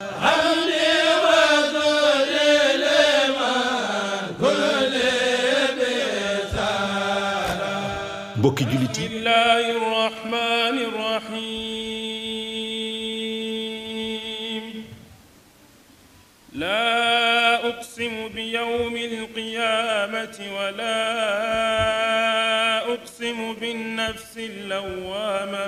mbokki jullit yi bismillahi rahmani rahim laa uqsimu bi yawmi alqiyamati wa laa uqsimu binnafsi allawwama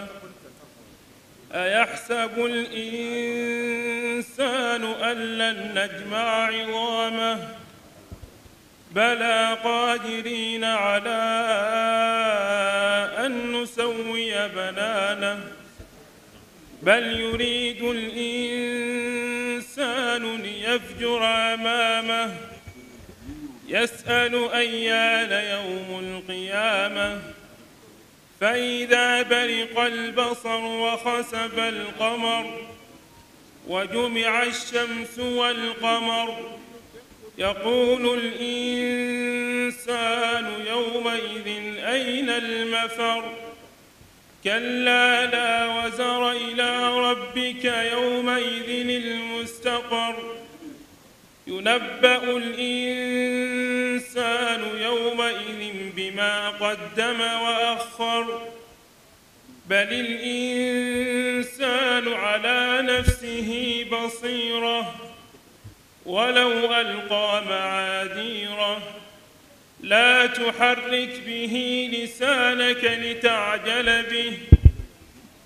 ayaxsabu al-insan الإنسان أن لن نجمع عظامه بلى قادرين على أن نسوي بنانه بل يريد الإنسان ليفجر أمامه يسأل أيان يوم القيامة فإذا برق البصر وخسف القمر وجمع الشمس والقمر يقول الإنسان يومئذ أين المفر كلا لا وزر إلى ربك يومئذ المستقر ينبأ الإنسان يومئذ بما قدم وأخر بل الإنسان على نفسه بصيره ولو القى معاذيره لا تحرك به لسانك لتعجل به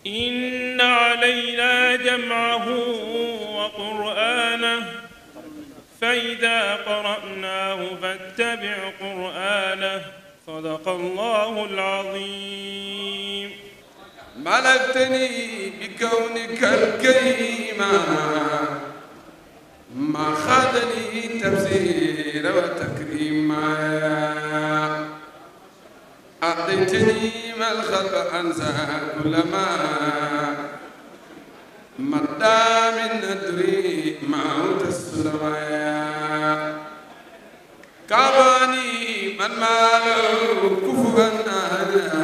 ان علينا جمعه وقرانه فاذا قراناه فاتبع قرانه صدق الله العظيم ملتني بكونك الكريم ما خادني تبذير وتكريما أعطيتني ما الخلف أنسى كلما مدى من ندري موت السلمايا كاباني من ماله كفوا أهلا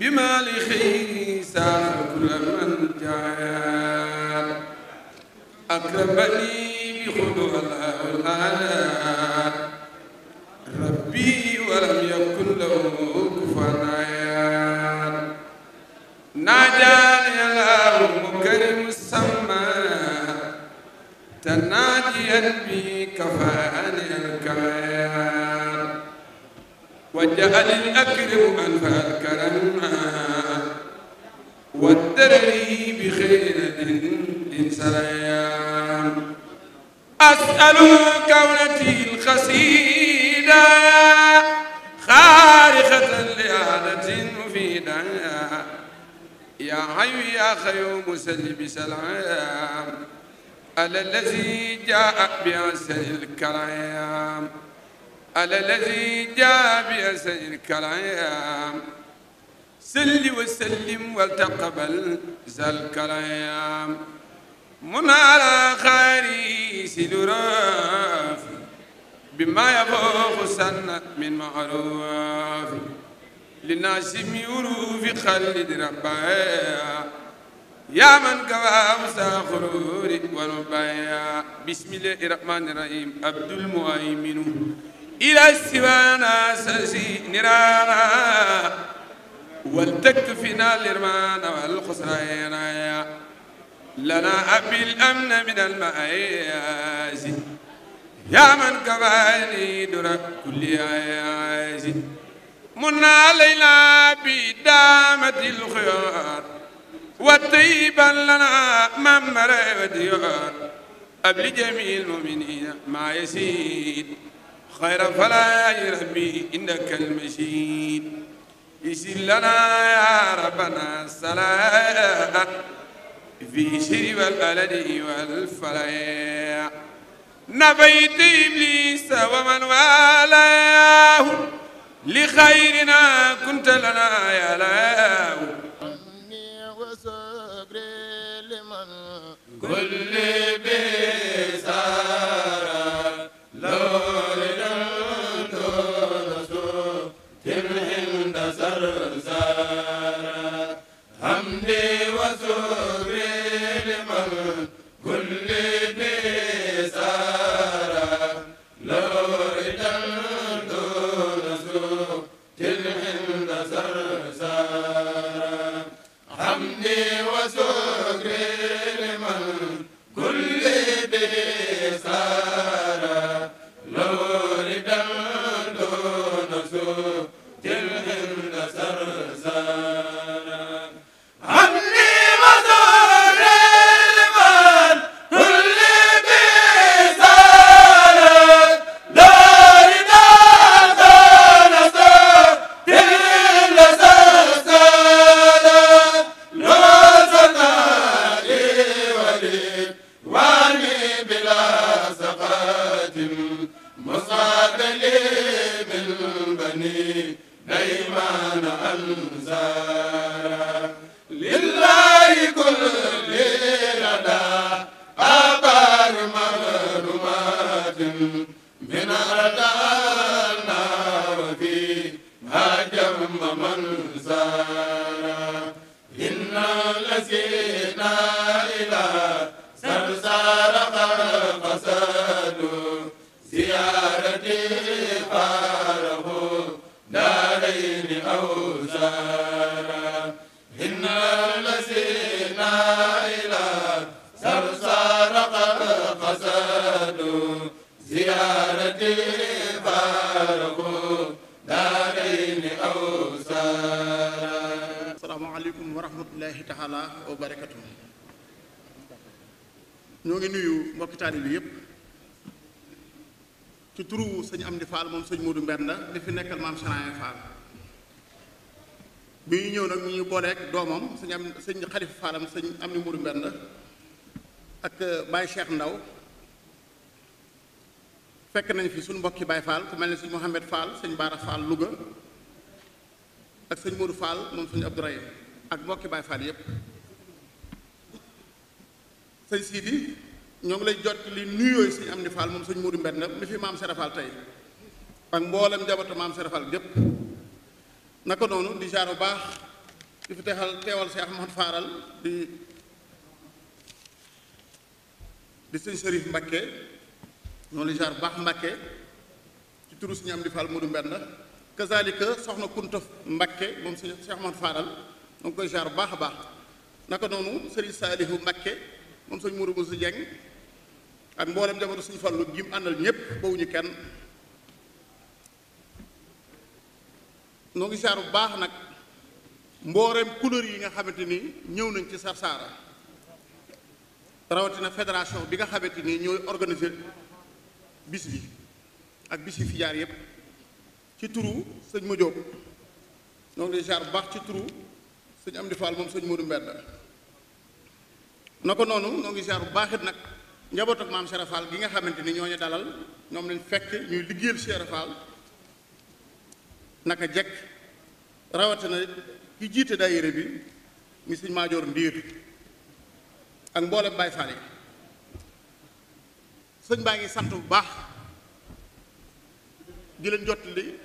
بما لخير سار كل من جاء أكرمني بخلق الأولاد ربي ولم يكن له كفوا ناجاني الله مكرم السما تناجيا به كفاني الكيان وجعل الأكرم أنفى الكرم درري بخير من سريان أسأل كونتي القصيدة خارقة لإعادة مفيدة يا حي يا خيوم مسلم بسلام على الذي جاء بأسر الكرام على الذي جاء بأسر الكرام سل وسلم وتقبل ذا الكلام من على خير سدراف بما يفوق سنة من معروف للناسم يروف خلد ربايا يا من كواب ساخرور ونبايا بسم الله الرحمن الرحيم عبد المؤمن إلى السوانا سسي نرانا ولتكفنا الإرمان والخسران لنا أبي الأمن من المآسي يا من كفاني در كل آياسي منا علينا بدامة الخيار وطيبا لنا من مرد قبل جميع المؤمنين ما يسيد خير فلا يا ربي إنك المشيد يسر لنا يا ربنا صلاة في سر والبلد والفلاح نبيت إبليس ومن والاه لخيرنا كنت لنا يا لاه wa as taala wa barakatuh ñoo ngi nuyu mbokki taalibe yi yépp ci turu am Amdi Fall moom sëñ Modou Mbenda li fi nekkal maam Chanaye Fall bi ñu ñëw nag ñu booleeg doomam sëñ am sëñ Xalifa Fallam sëñ Amdi ak euh, Baye Cheikh Ndaw fekk nañ fi suñu mbokki Baye Fall ku mel ni suñ Mouhamed Fall sëñ Baara Fall Louga ak sëñ Modou Fall moom sëñ Abdourahim ak mbokki Baay Faal yépp sëñ Sidi ñoo ngi lay jot li nuyooyu sëñ Amdi Fall moom sëñ Mourou Mbène mi fi maam Serap Fall tey ak mboolem njabootu maam Serap gépp naka noonu di jaar bu baax di fi texal teewal Cheikh Ahmad Faaral di di sëñ Sërif Mbakke ñoo ngi lay jaar bu baax Mbakke ci turu sëñ Amdi Fall kazalika soxna Kunta Mbakke moom sëñ Cheikh Ahmad Faaral donc koy jaar bu baax a baax naka noonu sëriñ Saalihu Mbakke moom sëñ Mourou Moussa Dieng ak mboolem jabaru suñu fallu gi mu àndal ñëpp bawuñu kenn noo ngi jaar bu baax nag mbooreem couleur yi nga xamante nii ñëw nañ ci Sarsara rawatina fédération bi nga xamante ni ñooy organiser bis bi ak bis yi fi jaar yëpp ci turu sëñ Modou Diop noo ngi jaar bu baax ci turu am Amdi Fall moom sëñ Modou Mbedd na ko noonu ñoo ngi ziar bu baaxit nag njaboot ak maam Cheikh gi nga xamante ni ñoo ñu dalal ñoom lañ fekk ñuy liggéeyal Cheikh Fall naka jekk rawatina ki jiite daayira bi mi sëñ Maajoor Ndiir ak mboolem Baye Fall yi baa ngi sant bu baax di leen jottali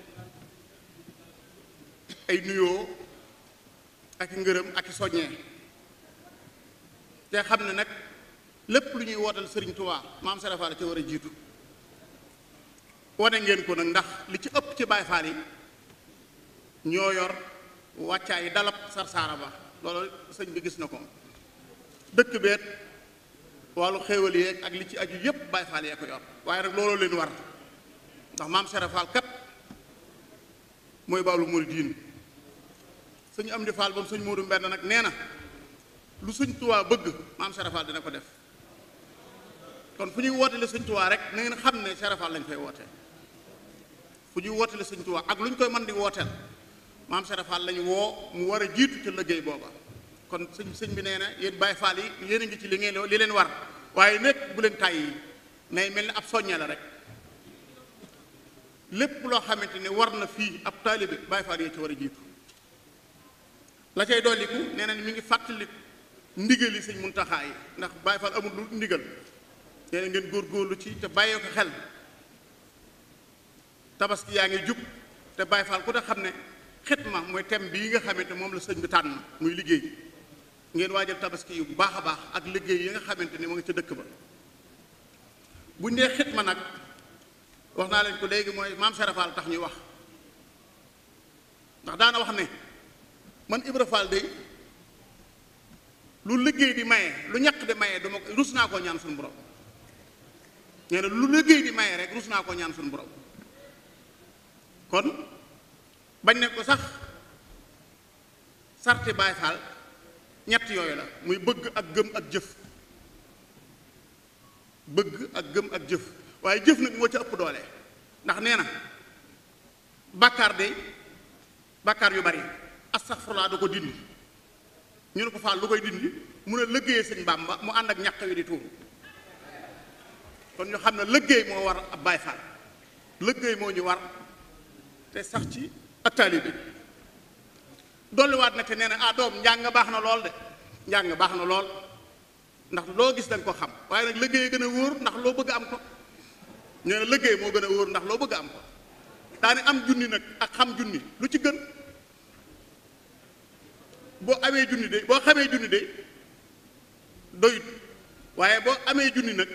ay nuyoo ak ngërëm ak soññee te xam ne nag lépp lu ñuy wootal sëriñ Tuubaa maam Sëriñ Faal ca war a jiitu wane ngeen ko nag ndax li ci ëpp ci Baay Faal yi ñoo yor wàccaay dalab sarsaara ba loolu sëñ bi gis na ko dëkk beet wàllu xéewal yeeg ak li ci aju yépp Baay Faal yee ko yor waaye nag looloo leen war ndax maam Sëriñ Faal kat mooy baalu murid diin ñu am di faal bam suñ Moodu Mbenn nag nee na lu suñ Tuubaa bëgg maam Cheikh dina ko def kon fu ñuy wootele suñ Tuubaa rek na ngeen xam ne Cheikh lañ fay woote fu ñuy wootele suñ Tuubaa ak lu ñu koy mën di wooteel maam Cheikh Fall lañ woo mu war a jiitu ci liggéey booba kon sëñ sëñ bi nee na yéen Baay Faal yi yéen a ngi ci li ngeen li leen war waaye nekk bu leen tàyyi nay mel ni ab soññe la rek lépp loo xamante ni war na fii ab taalibe Baay Faal yi ci war a jiitu la cay dolliku nee na mi ngi fàttali ndigali sëñ mun taxaay ndax Baay Faal amul ndigal nee na ngeen góorgóorlu ci te bàyyee ko xel tabaski yaa ngi jub te Baay Faal ku ne xam ne xitma mooy thème bii nga xamante moom la sëñ bi tànn muy liggéey ngeen waajal tabaski yu baax a baax ak liggéey yi nga xamante ni mu ngi ca dëkk ba bu buñ dee ma nag wax naa leen ko léegi mooy maam Serafal tax ñuy wax ndax daana wax ne. man Ibra Fall day lu liggéey di maye lu ñaq di maye dama ko rus naa koo ñaan suñu borom nee na lu liggéey di maye rek rus naa koo ñaan suñu borom kon bañ ne ko sax sarti Baay Faal ñett yooyu la muy bëgg ak gëm ak jëf bëgg ak gëm ak jëf waaye jëf nag moo ca ëpp doole ndax nee na bàkkaar de bàkkaar yu bari sax astaxfirullah da ko dindi ñu ne ko faal lu koy dindi mu ne liggéeyee sëñ Bàmba mu ànd ak ñàkk wi di tuuru kon ñu xam ne liggéey moo war ab baay faal liggéey moo ñu war te sax ci ak taalibe dolliwaat na te nee na ah doom njàng baax na lool de njàng baax na lool ndax loo gis danga ko xam waaye nag liggéey gën a wóor ndax loo bëgg am ko ñoo ne liggéey moo gën a wóor ndax loo bëgg am ko daane am junni nag ak xam junni lu ci gën boo amee junni de boo xamee junni de doyut waaye boo amee junni nag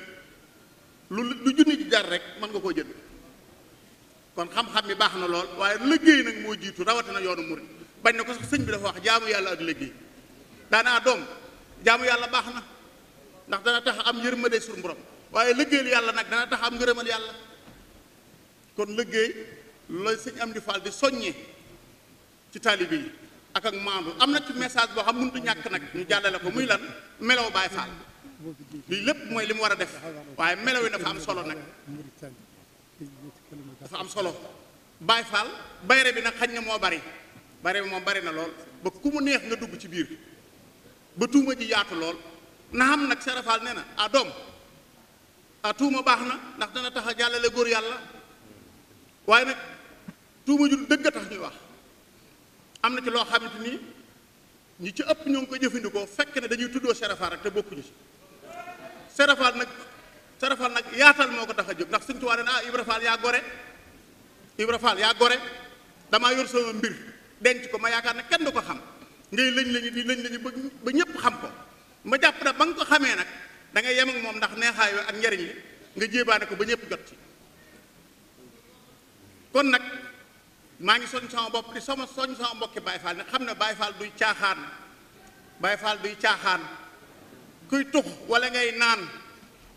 lu lu junni jar rek mën nga koo jënd kon xam-xam bi baax na lool waaye liggéey nag moo jiitu rawatina yoonu murid bañ na ko sax sëñ bi dafa wax jaamu yàlla ak liggéey daanaa doom jaamu yàlla baax na ndax dana tax am yërmande suñu borom waaye liggéeyal yàlla nag dana tax am ngërëmal yàlla kon liggéey loolu sëñ am di faal di soññee ci taalibe yi ak ak maandu am na ci message boo xam mënut ñàkk nag ñu jàllale ko muy lan melaw Baay Faal lii lépp mooy li mu war a def waaye melaw yi dafa am solo nag dafa am solo Baay Faal bayre bi nag xañ na moo bari bayre moom bari na lool ba ku mu neex nga dugg ci biir ba tuuma ji yaatu lool na xam nag sarafaal ne na a doom ah tuuma baax na ndax dana tax a jàllale góor yàlla waaye nag tuuma ju dëgg a tax ñuy wax am na ci loo xamante ni ñu ci ëpp ñoo ngi koy jëfandikoo fekk ne dañuy tuddoo serafal rek te bokkuñu ci serafal nag serafal nag yaatal moo ko tax a jóg ndax Sëñ Tuubaa nee na ah Ibra Faal yaa gore Ibra yaa gore damaa yor soo mbir denc ko ma yaakaar ne kenn du ko xam ngay lëñ lañu di lëñ lañu ba ñëpp xam ko ma jàpp na ba nga ko xamee nag dangay yemal moom ndax neexaay ak njariñ yi nga jéebaane ko ba ñëpp jot ci kon nag maa ngi soñ sama bopp di sama soñ sama mbokki Baye Fall ne xam ne baay Fall duy caaxaan Baye Fall duy caaxaan kuy tux wala ngay naan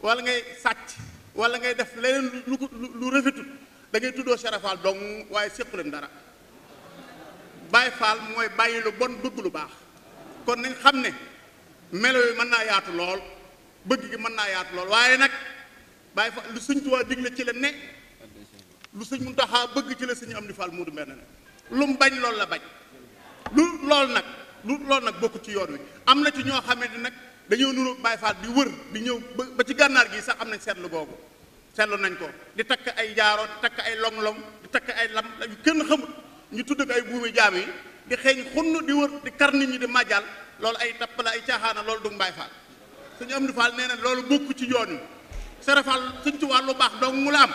wala ngay sàcc wala ngay def leneen lu lu rafetul da ngay tuddoo Cheikh Fall dong waaye leen dara Baye Fall mooy bàyyi lu bon bëgg lu baax kon nañ xam ne melo yi mën naa yaatu lool bëgg gi mën naa yaatu lool waaye nag Baye Fall lu Sëñ Tuubaa digle ci la ne lu suñ sëñ taxaa bëgg ci la sëñ Amdi Fall du Mbend ne lu mu bañ loolu la bañ lu loolu nag lu loolu nag bokku ci yoon wi am na ci ñoo xamante nag dañoo nuru Baay Faal di wër di ñëw ba ci gànnaar gi sax am nañ seetlu boobu seetlu nañ ko di takk ay jaaroo di takk ay long-long di takk ay lam yu kenn xamut ñu tudd ko ay buumi jaam yi di xeeñ xunn di wër di kar nit ñi di màjjal loolu ay tapp la ay caaxaana loolu du Baay Faal am Amdi Fall nee na loolu bokku ci yoon wi serafal sëñ Tuubaa lu baax dong mu la am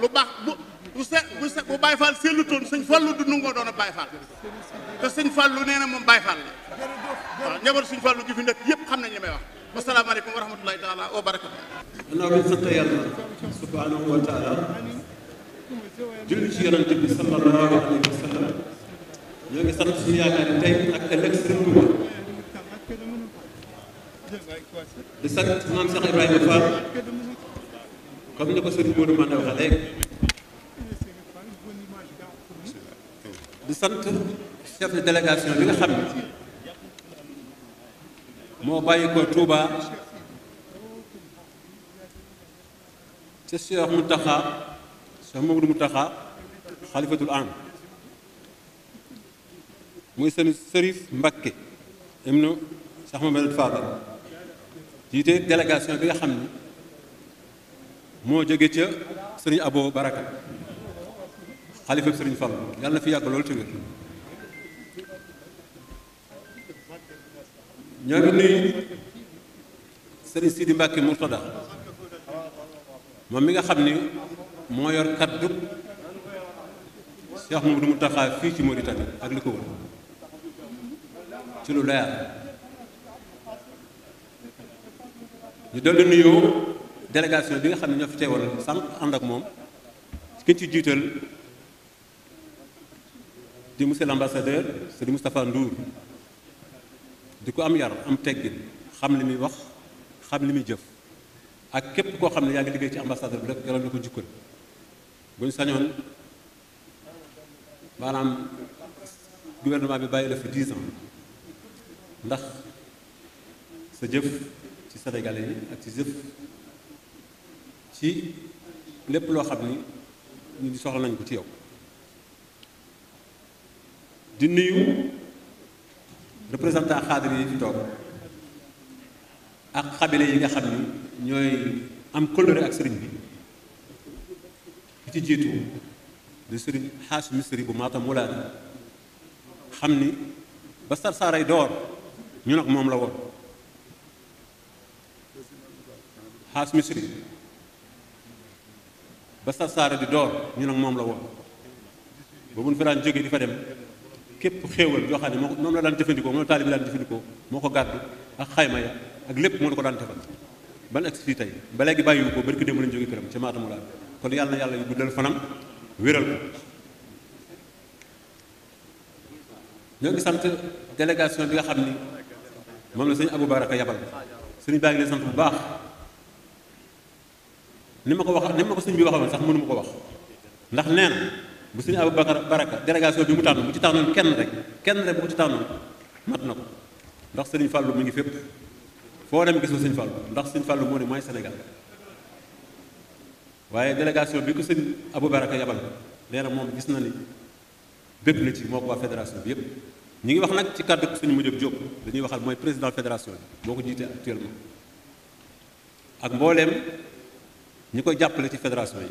lu baax bu bu se bu se bu Baye Fall sellutoon sëñ Fallu du nungoo doon a Baye Fall te sëñ Fallu nee na moom Baye Fall la waaw njaboot sëñ Fallu gi fi nekk yëpp xam nañ li may wax wasalaamaaleykum wa rahmatulahi taala wa barakatu gannaaw bi sant yàlla subhanahu wa tey ak ëllëg sëriñ Tuuba di sant maam Cheikh Ibrahima Fall comme ni ko sëriñ Modou Manda waxee léegi di sant chef de délégation bi nga xam ne moo bàyyi ko Touba ci Cheikh Mountakha Cheikh Mamadou Mountakha xalifatul am muy seen Sërif Mbakke ibnu Cheikh Mamadou Fadal jiite délégation bi nga xam ne moo jóge ca sëriñ Abo Baraka xalifa sëriñ Fall yàlla na fi yàgg loolu ci wér ñoo ngi nuyu sëriñ Sidi Mbacke Mourtada moom mi nga xam ni moo yor kaddu Cheikh Mamadou Mountakha fii ci Mauritanie ak li ko wër ci lu leer ñu dellu nuyoo délégation bi nga xam ne ñoo fi teewal sànq ànd ak moom ki ci jiital di monsieur l'ambassadeur c'est di Moustapha Ndour di ko am yar am teggin xam li muy wax xam li muy jëf ak képp koo xam ne yaa ngi liggéey ci ambassadeur bi rek yoroon na ko jukkal bu ñu sañoon maanaam gouvernement bi bàyyi la fi 10 ans ndax sa jëf ci Sénégalais yi ak ci jëf ci lépp loo xam ni ñu di soxla nañ ko ci yow di nuyu représentant xaadir yi fi toog ak xabile yi nga xam ni ñooy am kóllëre ak sëriñ bi bi ci jiitu di sëriñ xaasu misri bu maatam wulaani xam ni ba sarsaaray door ñu nag moom la woon xaasu misri ba Sarsara di door ñu nag moom la woon ba buñ fa daan jógee di fa dem képp xéewal yoo moo moom la daan jëfandikoo moo la taalib daan jëfandikoo moo ko gàddu ak xayma ya ak lépp moo la ko daan defal ban agsi fii tey ba léegi bàyyiwu ko barki démb lañu jógee këram ca maatamu laa kon yàlla na yàlla yu guddal fanam wéral ko ñoo ngi sant délégation bi nga xam ni moom la sëñ Abou Baraka yabal sëñ baa leen sant bu baax ni ma ko wax ni ma ko sëñ bi waxoon sax mënu ma ko wax ndax nee bu suñu sëñ Aboubacar Baraka délégation bi mu tànn bu ci tànnoon kenn rek kenn rek bu ci tànnoon mat na ko ndax sëñ Fallou mu ngi fépp foo dem gis nga sëñ Fallou ndax sëñ fàllu moo ne mooy Sénégal waaye délégation bi ko sëñ Aboubacar yabal nee na moom gis na ni bépp na ci moo ko waa fédération bi yépp ñu ngi wax nag ci kàddu sëñ Mujjub Diop dañuy waxal mooy président fédération bi moo ko jiite actuellement ak mbooleem ñi ko jàppale ci fédération yi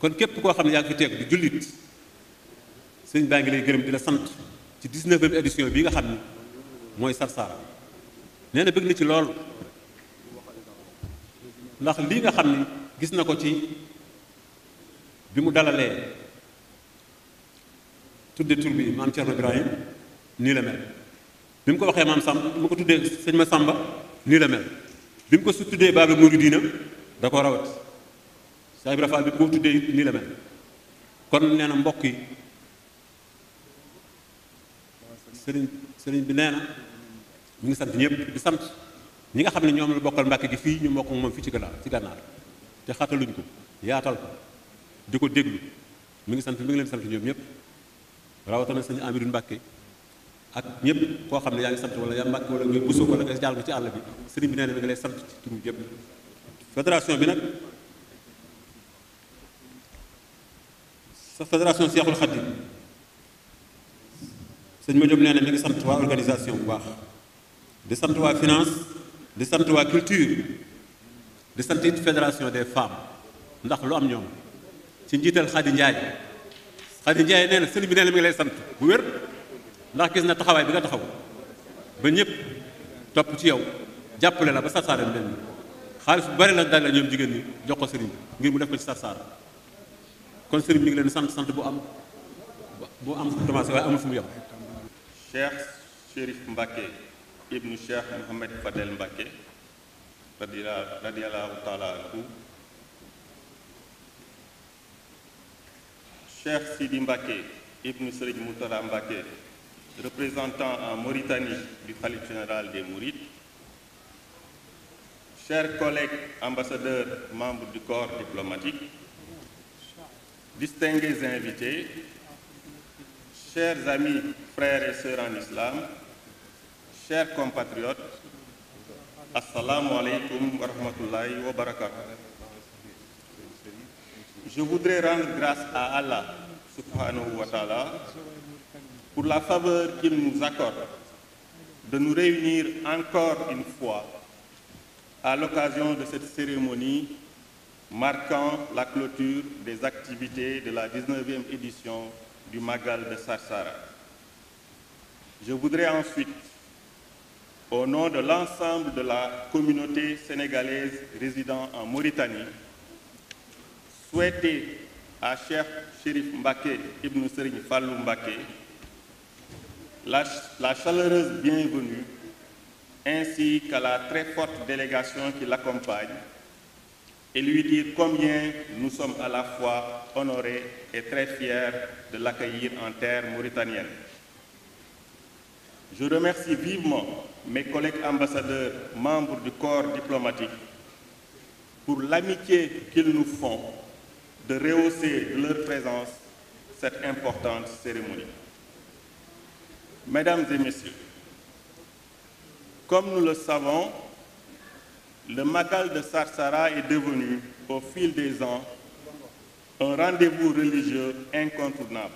kon képp koo xam ne yàgg ngi fi di jullit sëñ baa ngi lay gërëm di la sant ci 19e édition bi nga xam ne mooy Sarsara nee na bëgg na ci lool ndax lii nga xam ne gis na ko ci bi mu dalalee tudde tur bi maam Thierno Ibrahim nii la mel bi mu ko waxee maam Samba mu ko tuddee sëñ ma sàmba nii la mel bi mu ko su tuddee Baabul diina da ko rawat saa Ibra Faal bi ko tuddee nii la mel kon nee na mbokk yi sëriñ sëriñ bi nee na ñu ngi sant ñëpp di sant ñi nga xam ne ñoom la bokkal Mbàkke gi fii ñu mbokk moom fii ci gannaaw ci gànnaar te xataluñ ko yaatal ko di ko déglu mi ngi sant mu ngi leen sant ñoom ñëpp rawatina sëñ Amidou Mbàkke ak ñëpp koo xam ne yaa ngi sant wala yaa Mbàkke wala ngay busu wala nga jàll ko ci àll bi sëriñ bi nee na mi ngi lay sant ci turu yëpp fédération bi nag sa fédération Seexul Xadiim sëñ ma Jóob nee na mi ngi sant waa organisation bu baax di sant waa finance di sant waa culture di sant it fédération des femmes ndax lu am ñoom ci njiital Xadi Njaay Xadi Njaay nee na sëñ bi nee na mi ngi lay sant bu wér ndax gis na taxawaay bi nga taxaw ba ñëpp topp ci yow jàppale la ba sasaarem leen xaalis bu bari la daal la ñoom jigéen ñi jox ko ngir mu def ko ci sarsaara kon sëriñ mi ngi leen sant sant bu am bu am commencé waaye amul fu mu yem cheikh chérif mbàkke ibnu cheikh mohamed fadel représentant en mauritanie du khalife général des mourides chers collègues ambassadeurs membres du corps diplomatique, distingués invités, chers amis, frères et sœurs en islam, chers compatriotes, assalamu alaikum wa Je voudrais rendre grâce à Allah subhanahu wa pour la faveur qu'il nous accorde de nous réunir encore une fois à l'occasion de cette cérémonie marquant la clôture des activités de la 19e édition du Magal de Sarsara. Je voudrais ensuite, au nom de l'ensemble de la communauté sénégalaise résidant en Mauritanie, souhaiter à Cheikh Sherif Mbake Ibn Serigne Fallou Mbake la, la chaleureuse bienvenue ainsi qu'à la très forte délégation qui l'accompagne, et lui dire combien nous sommes à la fois honorés et très fiers de l'accueillir en terre mauritanienne. Je remercie vivement mes collègues ambassadeurs, membres du corps diplomatique, pour l'amitié qu'ils nous font de rehausser de leur présence cette importante cérémonie. Mesdames et Messieurs, Comme nous le savons, le Magal de Sarsara est devenu, au fil des ans, un rendez-vous religieux incontournable.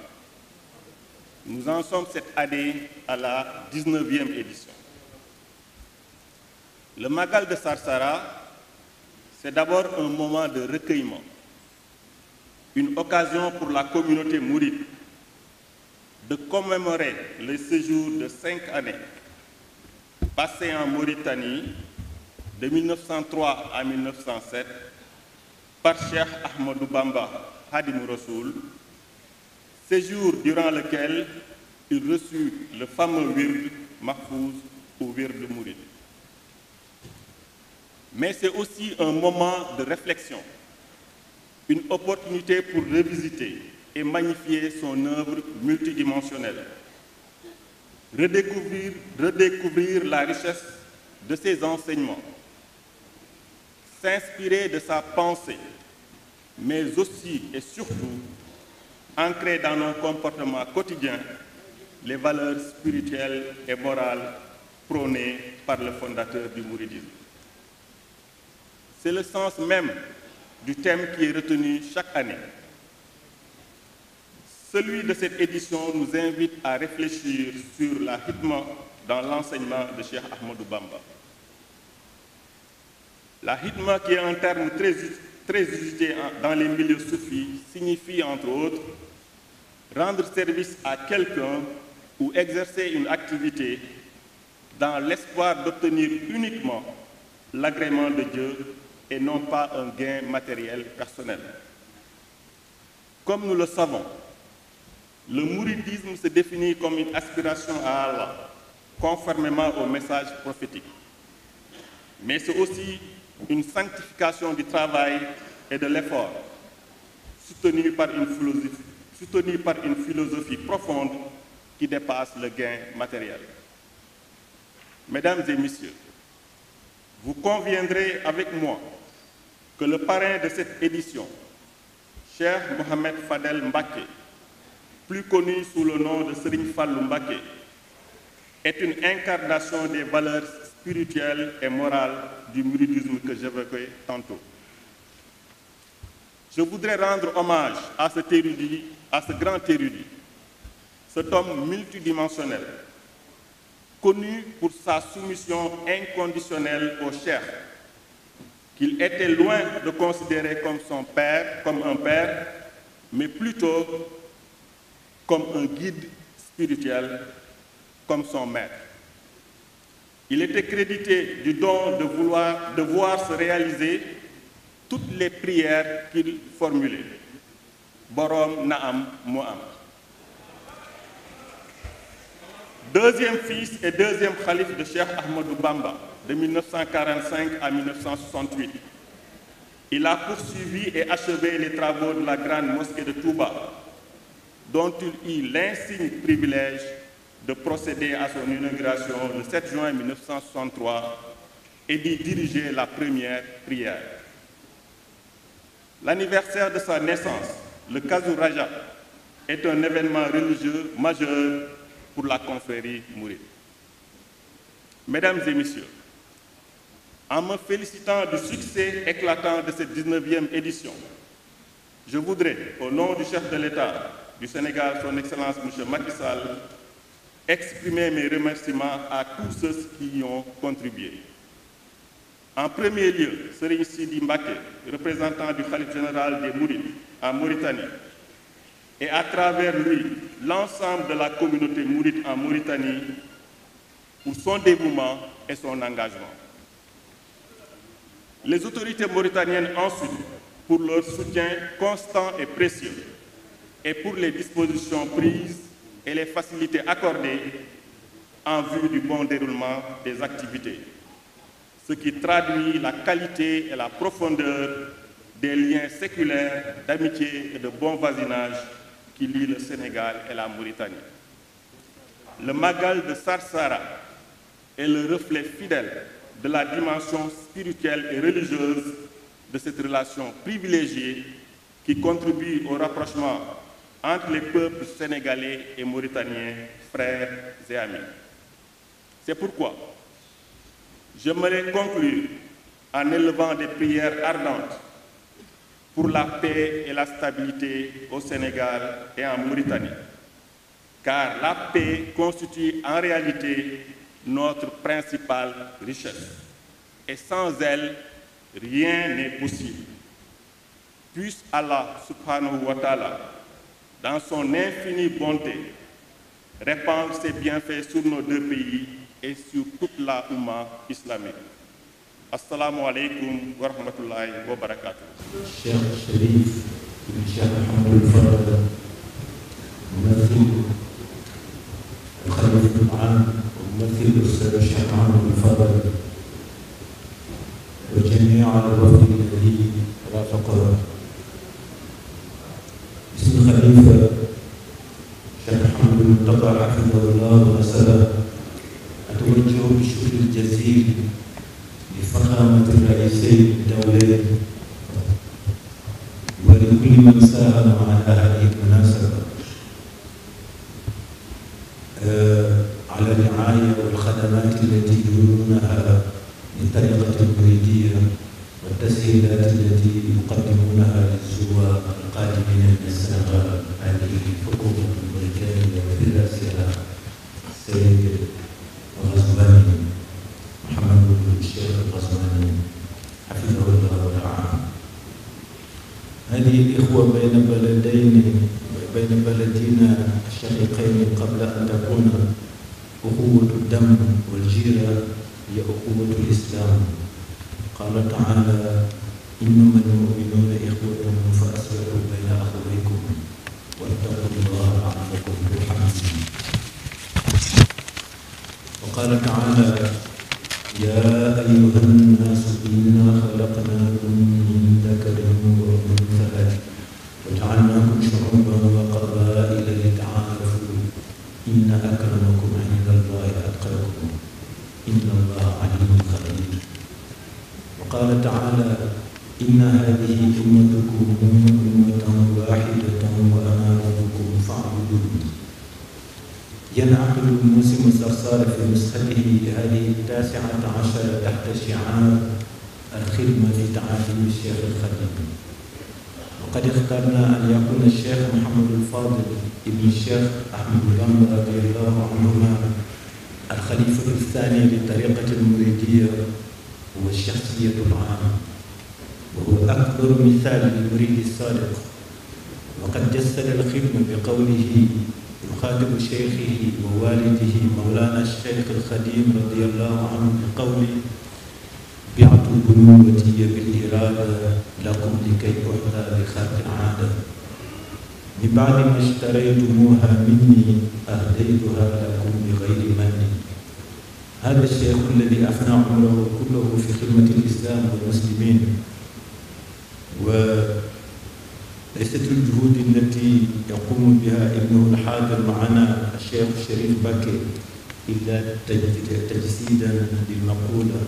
Nous en sommes cette année à la 19e édition. Le Magal de Sarsara, c'est d'abord un moment de recueillement, une occasion pour la communauté mouride de commémorer le séjour de cinq années Passé en Mauritanie de 1903 à 1907 par Cheikh Ahmadou Bamba Hadim Rasoul, séjour durant lequel il reçut le fameux wird Mahfouz ou wird Mourid. Mais c'est aussi un moment de réflexion, une opportunité pour revisiter et magnifier son œuvre multidimensionnelle redécouvrir, redécouvrir la richesse de ses enseignements, s'inspirer de sa pensée, mais aussi et surtout ancrer dans nos comportements quotidiens les valeurs spirituelles et morales prônées par le fondateur du mouridisme. C'est le sens même du thème qui est retenu chaque année Celui de cette édition nous invite à réfléchir sur la hitma dans l'enseignement de Cheikh Ahmadou Bamba. La hitma, qui est un terme très, très dans les milieux soufis, signifie entre autres rendre service à quelqu'un ou exercer une activité dans l'espoir d'obtenir uniquement l'agrément de Dieu et non pas un gain matériel personnel. Comme nous le savons, le mouridisme se définit comme une aspiration à Allah, conformément au message prophétique. Mais c'est aussi une sanctification du travail et de l'effort, soutenue par une philosophie, soutenue par une philosophie profonde qui dépasse le gain matériel. Mesdames et messieurs, vous conviendrez avec moi que le parrain de cette édition, cher Mohamed Fadel Mbake, plus connu sous le nom de Serigne Fallou Mbacké, est une incarnation des valeurs spirituelles et morales du mouridisme que j'évoquais tantôt. Je voudrais rendre hommage à cet érudit, à ce grand érudit, cet homme multidimensionnel, connu pour sa soumission inconditionnelle au chef, qu'il était loin de considérer comme son père, comme un père, mais plutôt comme un guide spirituel, comme son maître. Il était crédité du don de voir se réaliser toutes les prières qu'il formulait. Borom Naam Moam. Deuxième fils et deuxième calife de Cheikh Ahmadou Bamba, de 1945 à 1968. Il a poursuivi et achevé les travaux de la grande mosquée de Touba dont il eut l'insigne privilège de procéder à son inauguration le 7 juin 1963 et la première prière. L'anniversaire de sa naissance, le Kazu Raja, est un événement religieux pour la confrérie mouride. Mesdames et messieurs, de cette 19e édition, je voudrais, au nom du chef de l'État, du Sénégal, son Excellence M. Macky Sall, exprimer mes remerciements à tous ceux qui y ont contribué. En premier lieu, Serigne Sidi Mbake, représentant du Khalif général des Mourides en Mauritanie, et à travers lui, l'ensemble de la communauté mouride en Mauritanie pour son dévouement et son engagement. Les autorités mauritaniennes ensuite pour leur soutien constant et précieux et pour les dispositions prises et les facilités accordées en vue du bon déroulement des activités, ce qui traduit la qualité et la profondeur des liens séculaires d'amitié et de bon voisinage qui lient le Sénégal et la Mauritanie. Le Magal de Sarsara est le reflet fidèle de la dimension spirituelle et religieuse de cette relation privilégiée qui contribue au rapprochement entre les peuples sénégalais et mauritaniens, frères et amis. C'est pourquoi j'aimerais conclure en élevant des prières ardentes pour la paix et la stabilité au Sénégal et en Mauritanie. Car la paix constitue en réalité notre principale richesse. Et sans elle, rien n'est possible. Puisse Allah dans son infinie bonté, répandre ses bienfaits sur nos deux pays et sur toute la Oumma islamique. Assalamu alaikum wa rahmatullahi wa barakatuh. تعالى إنما المؤمنون إخوة فأصلحوا بين أخويكم واتقوا الله لعلكم ترحمون وقال تعالى يا أيها الناس إنا خلقناكم من ذكر وأنثى وجعلناكم شعوبا qaala taala inna haadihi ummatukum ummatan waahidatan wa ana rabbukum fa'budun ينعقد موسم الصرصار في نسخته هذه التاسعة عشرة تحت شعار الخدمة لتعاليم الشيخ الخليل وقد اخترنا أن يكون الشيخ محمد الفاضل ابن الشيخ أحمد بن رضي الله عنهما الخليفة الثاني للطريقة المريدية هو الشخصية العامة وهو أكبر مثال للمريد الصادق وقد جسد الخدمة بقوله يخاطب شيخه ووالده مولانا الشيخ الخديم رضي الله عنه بقوله بعت بنوتي بالإرادة لكم لكي أحظى بخلق العادة من بعد ما اشتريتموها مني أهديتها لكم بغير مني hada cheikh alladi afna umrahu kullahu fi xidmati lislam wal muslimin wa laysat aljuhud allati yaqumu biha ibnuhu alxaadar maana cheikh Cherif Mbacké illa tajsidan lilmaqula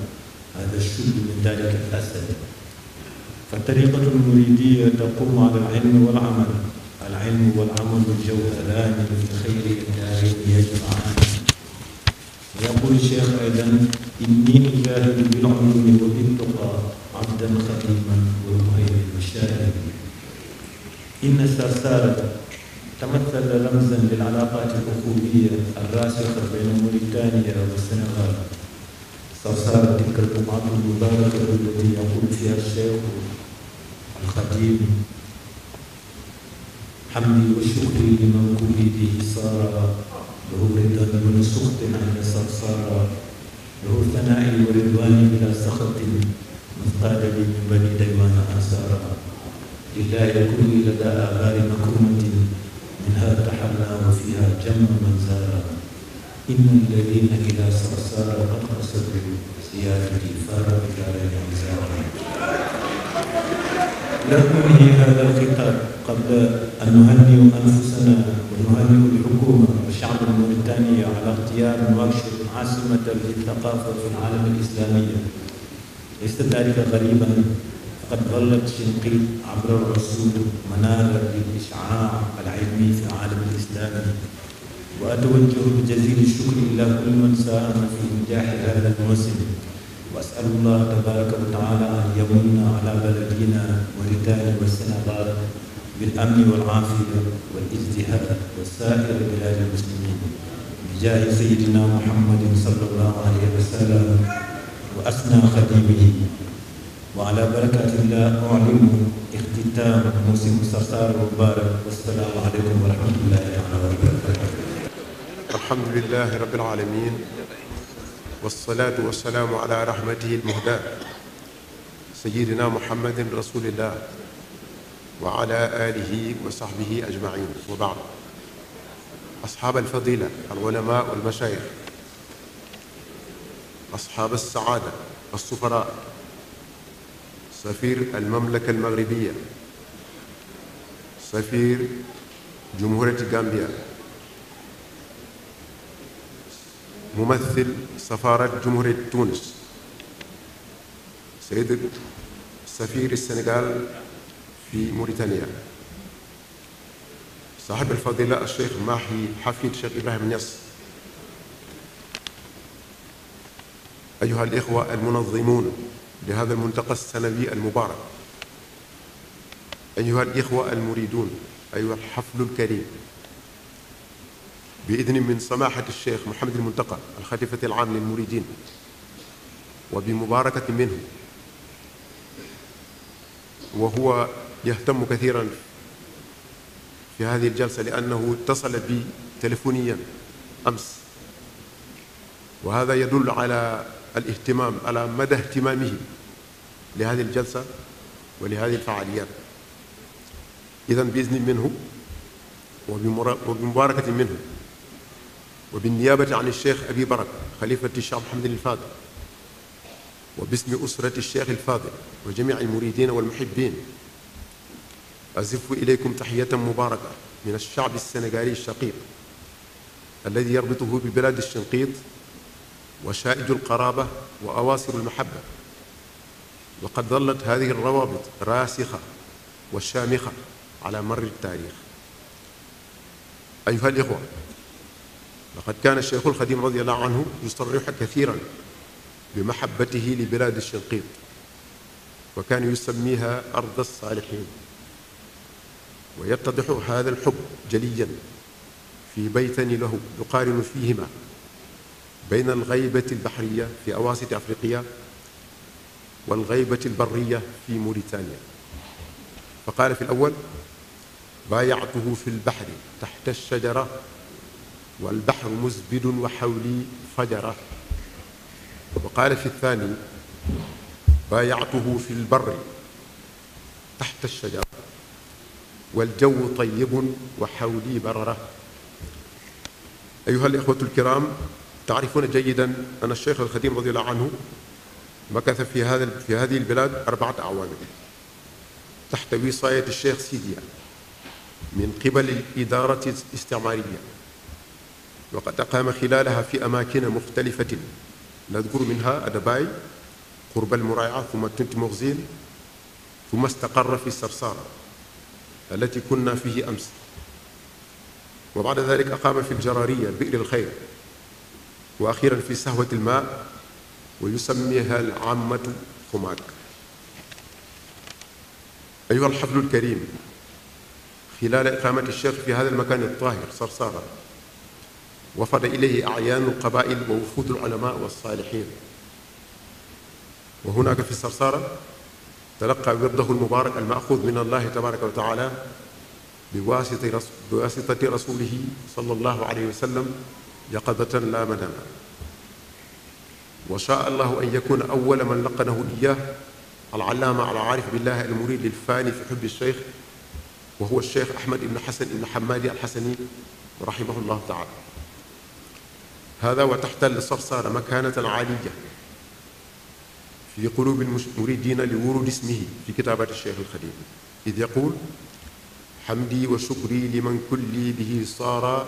hada shudd min dalika alasad فالطريقة المريدية تقوم على العلم والعمل العلم والعمل الجوهران من خير الدارين يجمعان يقول الشيخ أيضا إني أجاهد بالعلوم وبالتقى عبدا خديما والمهيمن الشاهد إن الثرثارة تمثل رمزا للعلاقات الأخوية الراسخة بين موريتانيا والسنغال ثرثارة تلك البقعة المباركة التي يقول فيها الشيخ الخديم حمدي وشكري لمن كبيته صار له رضا من سخط عن سمسارا له ثناء ورضوان بلا سخط مفتاح لي من بني ديوان انصارا لله يكون لدى ابار مكرمه منها تحلى وفيها جم من زارا ان الذين الى سمسارا قد قصدوا زيارتي فار الى غير زارا لكم هذا الخطاب قبل ان نهنئ انفسنا يهنئ الحكومة والشعب الموريتاني على اختيار مراكش عاصمة للثقافة في العالم الإسلامي ليس ذلك غريبا فقد ظلت شنقيط عبر العصور منارا للإشعاع العلمي في العالم الإسلامي وأتوجه بجزيل الشكر إلى كل من ساهم في إنجاح هذا الموسم وأسأل الله تبارك وتعالى أن يمن على بلدنا موريتانيا والسنغال بالأمن والعافية والازدهار وسائر بلاد المسلمين بجاه سيدنا محمد صلى الله عليه وسلم وأثنى خديمه وعلى بركات الله أعلم اختتام موسم صرصار المبارك والسلام عليكم ورحمة الله تعالى وبركاته الحمد لله رب العالمين والصلاة والسلام على رحمته المهداة سيدنا محمد رسول الله wa ala alihi wa sahbihi ajmain wa baad asxaab alfadila alulama walmashaayix asxaab alsaada alsufara safir almamlaka almaghribiya safir jumhuriyati Gambia ممثل سفارة جمهورية تونس سيد سفير السنغال في موريتانيا صاحب الفضيلة الشيخ ماحي حفيد شيخ إبراهيم نياس أيها الإخوة المنظمون لهذا الملتقى السنوي المبارك أيها الإخوة المريدون أيها الحفل الكريم بإذن من سماحة الشيخ محمد المنتقى الخليفة العام للمريدين وبمباركة منه وهو يهتم كثيرا في هذه الجلسة لأنه اتصل بي تلفونيا أمس وهذا يدل على الاهتمام على مدى اهتمامه لهذه الجلسة ولهذه الفعاليات إذا بإذن منه وبمباركة منه وبالنيابة عن الشيخ أبي بركة خليفة الشيخ محمد الفاضل وباسم أسرة الشيخ الفاضل وجميع المريدين والمحبين أزف إليكم تحية مباركة من الشعب السنغالي الشقيق الذي يربطه ببلاد الشنقيط وشائج القرابة وأواصر المحبة وقد ظلت هذه الروابط راسخة والشامخة على مر التاريخ أيها الإخوة لقد كان الشيخ الخديم رضي الله عنه يصرح كثيرا بمحبته لبلاد الشنقيط وكان يسميها أرض الصالحين ويتضح هذا الحب جليا في بيتين له يقارن فيهما بين الغيبة البحرية في أواسط أفريقيا والغيبة البرية في موريتانيا فقال في الأول بايعته في البحر تحت الشجرة والبحر مزبد وحولي فجرة وقال في الثاني بايعته في البر تحت الشجرة والجو طيب وحولي بررة أيها الإخوة الكرام تعرفون جيدا أن الشيخ الخديم رضي الله عنه مكث في هذا في هذه البلاد أربعة أعوام تحت وصاية الشيخ سيديا من قبل الإدارة الاستعمارية وقد أقام خلالها في أماكن مختلفة نذكر منها أدباي قرب المرايعة ثم تنت مغزين ثم استقر في السرسارة التي كنا فيه أمس وبعد ذلك أقام في الجرارية بئر الخير وأخيرا في سهوة الماء ويسميها العامة خماك أيها الحفل الكريم خلال إقامة الشيخ في هذا المكان الطاهر صرصارة وفد إليه أعيان القبائل ووفود العلماء والصالحين وهناك في صرصارة تلقى ورده المبارك المأخوذ من الله تبارك وتعالى بواسطة بواسطة رسوله صلى الله عليه وسلم يقظة لا منام وشاء الله أن يكون أول من لقنه إياه العلامة العارف بالله المريد للفاني في حب الشيخ وهو الشيخ أحمد بن حسن بن حمادي الحسني رحمه الله تعالى هذا وتحت الصرصار مكانة عالية fi qulubi lmuridina li wurudi ismihi fi kitaabati cheikh alxadim id yaqul xamdi wa shukri liman kulli bihi saara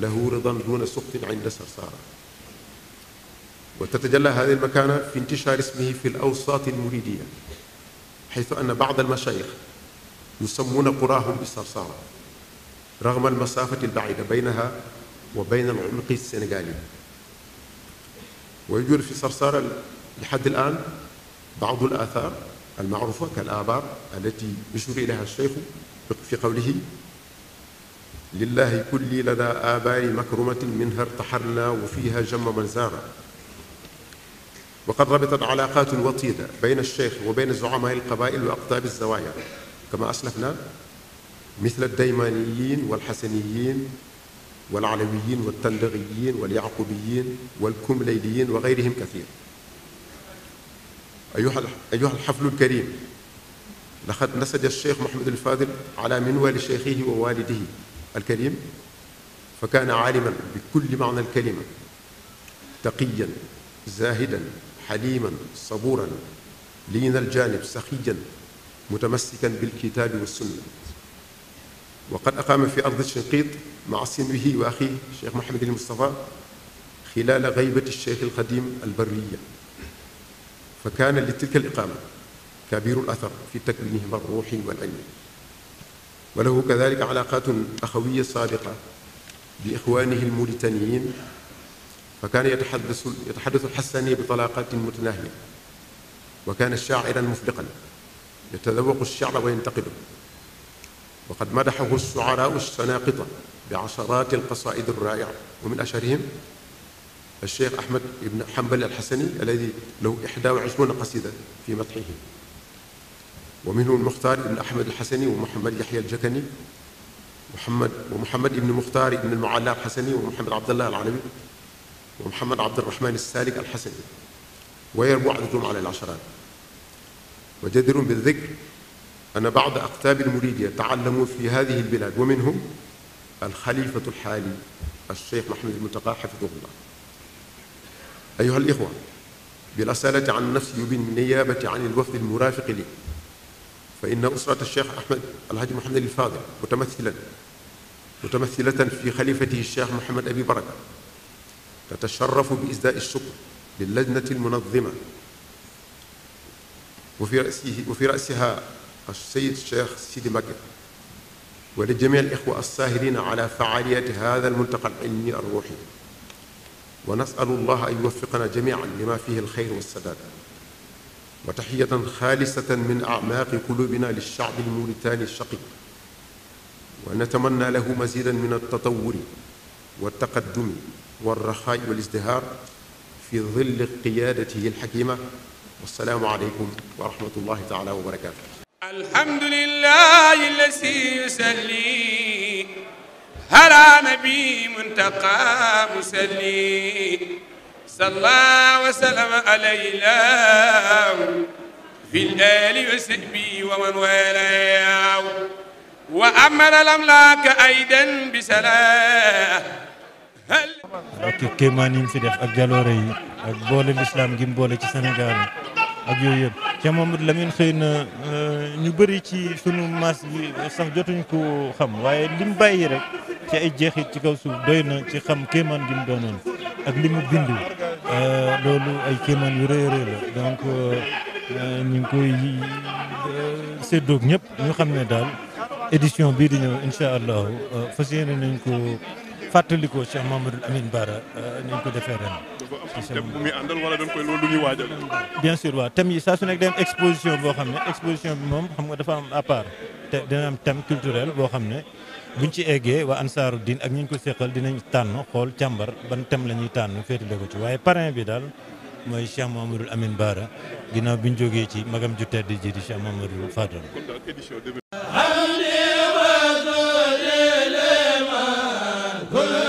lahu ridan duna suxtin inda sarsaara وتتجلى هذه المكانة في انتشار اسمه في الأوساط المريدية حيث أن بعض المشايخ يسمون قراهم بالصرصارة رغم المسافة البعيدة بينها وبين العمق السنغالي ويوجد في صرصارة لحد الآن بعض الآثار المعروفة كالآبار التي يشير إليها الشيخ في قوله لله كل لدى آباء مكرمة منها ارتحلنا وفيها جم من زار وقد ربطت علاقات وطيدة بين الشيخ وبين زعماء القبائل وأقطاب الزوايا كما أسلفنا مثل الديمانيين والحسنيين والعلويين والتندغيين واليعقوبيين والكمليليين وغيرهم كثير أيها أيها الحفل الكريم لقد نسج الشيخ محمد الفاضل على منوال شيخه ووالده الكريم فكان عالما بكل معنى الكلمة تقيا زاهدا حليما صبورا لين الجانب سخيا متمسكا بالكتاب والسنة وقد أقام في أرض الشنقيط مع سنوه وأخيه الشيخ محمد المصطفى خلال غيبة الشيخ القديم البرية fa kaana li tilka al iqaama kabiru al athar fi takwiinihim al ruuxi wal ilmi wa lahu kadalika alaaqatun axawiya saabiqa bi ixwaanihi al mauritaniyin fa kaana yataxaddasu yataxaddasu alxassaniya bi talaaqatin mutanaahiya wa kaana shaaciran mufliqan yatadawaqu alshacra wa yantaqidu وقد مدحه الشعراء السناقطة بعشرات القصائد الرائعة ومن أشهرهم الشيخ أحمد بن حنبل الحسني الذي له 21 قصيدة في مدحه ومنه المختار بن أحمد الحسني ومحمد يحيى الجكني محمد ومحمد بن مختار بن المعلى الحسني ومحمد عبد الله العلوي ومحمد عبد الرحمن السالك الحسني ويربو عددهم على العشرات وجدير بالذكر أن بعض أقطاب المريدية تعلموا في هذه البلاد ومنهم الخليفة الحالي الشيخ محمد المتقى حفظه الله أيها الإخوة بالأصالة عن نفسي وبالنيابة عن الوفد المرافق لي فإن أسرة الشيخ أحمد الحاج محمد الفاضل متمثلا متمثلة في خليفته الشيخ محمد أبي بركة تتشرف بإسداء الشكر للجنة المنظمة وفي رأسه وفي رأسها السيد الشيخ سيدي مكة ولجميع الإخوة الساهرين على فعالية هذا الملتقى العلمي الروحي wa nasalu llah an yuwaffiqana jamian lima fihi alxeyr walsadaad wa taxiyatan xaalisatan min acmaaqi qulubina lilshacbi almuritaani alshaqi wa natamanna lahu mazidan min altatawuri waltaqaddumi walraxaai walizdihaar fi dilli qiyaadatihi alxakima wassalaamu aleykum wa rahmatullahi taala wa barakaatu alhamdulilah alladi yusalli هلا نبي منتقى مسلي صلى وسلم عليه في الآل وصحبه ومن والاه وأمر الأملاك أيضا بسلام ak kéemaan yi mu fi def ak jaloore yi ak boole lislaam gi mu boole ci Sénégal ak yooyu yëpp ca moom Lamine xëy na euh, ñu bëri ci sunu maas gi sax jotuñ ko xam waaye lim bàyyi rek ci ay jeexit ci kaw suuf doy na ci xam kéemaan gi mu doonoon ak li mu bind euh, loolu ay kéemaan yu rëy rëy la donc euh, euh, ñu ngi koy seddoog ñëpp ñu xam ne daal édition bii di ñëw incha allahu fas yéene nañ ko fàttalikoo Cheikh Mamadou Amine Bara ni ñu ko defee ren. bien sûr waaw thème yi saa su nekk day am exposition boo xam ne exposition bi moom xam nga dafa am à te dina am thème culturel boo xam ne. buñ ci eggee waa ansaaru diin ak ñi ñu ko seqal dinañ tànn xool càmbar ban thème la ñuy tànn féetale ko ci waaye parrain bi daal mooy Cheikh Mouhamadoul Amine Bara ginnaaw bi ñu jógee ci magam ju tedd ji di Cheikh Mouhamadoul Fadal Hamdi wa